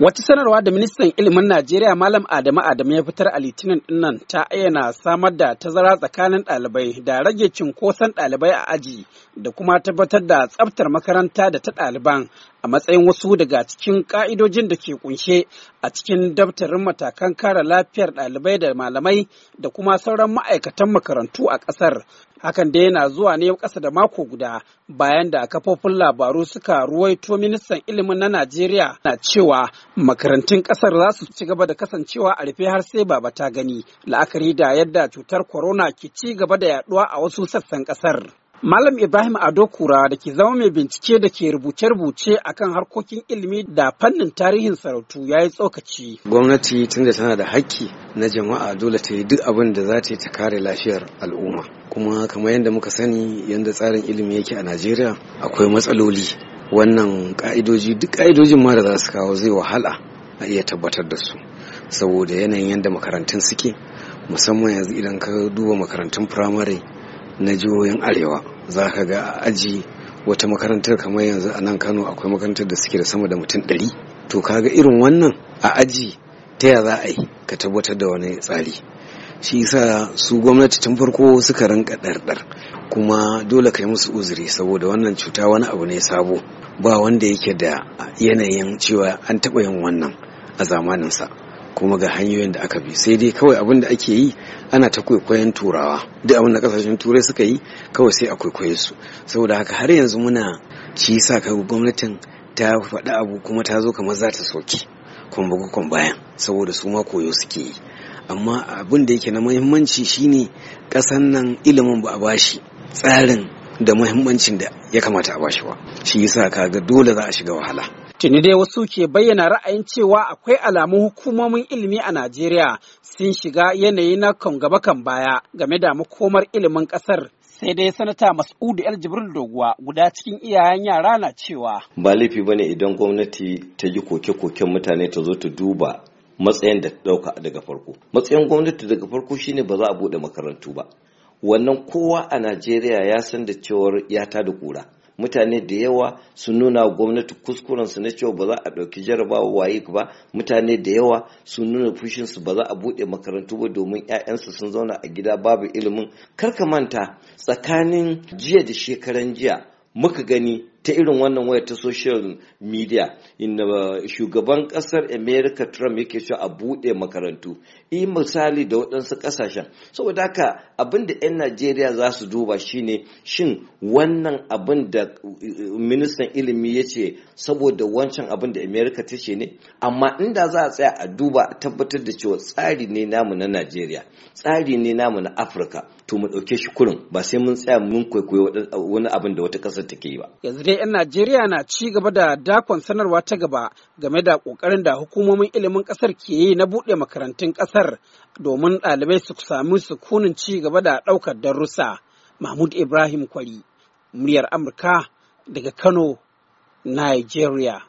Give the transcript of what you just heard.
Wata sanarwa da ministan ilimin Najeriya Malam Adamu Adamu ya fitar a Litinin dinnan ta ayyana samar da tazara tsakanin ɗalibai da rage cinkoson ɗalibai a aji da kuma tabbatar da tsaftar makaranta da ta ɗaliban a matsayin wasu daga cikin ƙa'idojin da ke kunshe a cikin daftarin matakan kare lafiyar ɗalibai da malamai da kuma sauran ma'aikatan makarantu a ƙasar hakan da yana zuwa ne ƙasa da mako guda bayan da kafofin labaru suka ruwaito ministan ilimin na najeriya na cewa makarantun ƙasar za su ci gaba da kasancewa a rufe har sai baba ta gani la'akari da yadda cutar corona ke ci gaba da yaduwa a wasu sassan ƙasar Malam Ibrahim Ado Kura da ke zama mai bincike da ke rubuce-rubuce a kan harkokin ilimi da fannin tarihin sarautu ya yi tsokaci. Gwamnati tunda tana da haƙƙi na jama'a dole ta yi duk abin da za ta yi ta kare lafiyar al'umma. Kuma kamar yadda muka sani yadda tsarin ilimi yake a Najeriya akwai matsaloli. Wannan ka'idoji duk ka'idojin ma da za su kawo zai wahala a iya tabbatar da su. Saboda yanayin yadda makarantun suke musamman yanzu idan ka duba makarantun firamare na jihohin arewa za ka ga aji wata makarantar kamar yanzu a nan kano akwai makarantar da suke da sama da mutum ɗari to kaga irin wannan a aji ta ya za a yi ka tabbatar da wani tsari shi yasa su gwamnati tun farko suka rinka ɗarɗar kuma dole ka yi musu uzuri saboda wannan cuta wani abu ne sabo ba wanda yake da yanayin cewa an taɓa yin wannan a zamaninsa kuma ga hanyoyin da aka bi sai dai kawai abin da ake yi ana ta kwaikwayon turawa duk abin da kasashen turai suka yi kawai sai a kwaikwaye su saboda haka har yanzu muna ci sa kai gwamnatin ta faɗi abu kuma ta zo kamar za ta soke kwan bayan saboda su ma koyo suke yi amma abin da yake na muhimmanci shine ƙasan nan ilimin ba a bashi tsarin da muhimmancin da ya kamata a bashi ba shi yasa kaga dole za a shiga wahala Tuni dai wasu ke bayyana ra'ayin cewa akwai alamun hukumomin ilimi a Najeriya sun shiga yanayi na kan gaba kan baya game da makomar ilimin ƙasar. Sai dai sanata Mas'udu El Jibril Doguwa guda cikin iyayen yara na cewa. Ba laifi ba ne idan gwamnati ta yi koke-koken mutane ta zo ta duba matsayin da ta ɗauka daga farko. Matsayin gwamnati daga farko shine ba za a buɗe makarantu ba. Wannan kowa a Najeriya ya san da cewar ya ta da ƙura. mutane da yawa sun nuna gwamnati kuskuren su na cewa ba za a ɗauki jarabawa waye ba mutane da yawa sun nuna fushinsu su ba za a buɗe makarantu ba domin 'ya'yansu sun zauna a gida babu ilimin kar ka manta tsakanin jiya da shekaran jiya muka gani ta irin wannan waya ta social media inda shugaban kasar america trump yake cewa a buɗe makarantu yi e, misali da waɗansu ƙasashen saboda haka abin da 'yan najeriya za su duba shine shin wannan abin da e, ministan ilimi ya ce saboda wancan abin da america ta ce ne amma inda za a tsaya a duba a tabbatar da cewa tsari ne namu na najeriya tsari ne namu na afirka to mu ɗauke shi kurin ba sai mun tsaya mun kwaikwayo wani abin da wata ƙasar take yi ba dai 'yan Najeriya na ci gaba da dakon sanarwa ta gaba game da ƙoƙarin da hukumomin ilimin ƙasar ke yi na buɗe makarantun ƙasar domin ɗalibai su sami sukunin ci gaba da ɗaukar darussa. Mahmud Ibrahim Kwari, muryar Amurka daga Kano, Nigeria.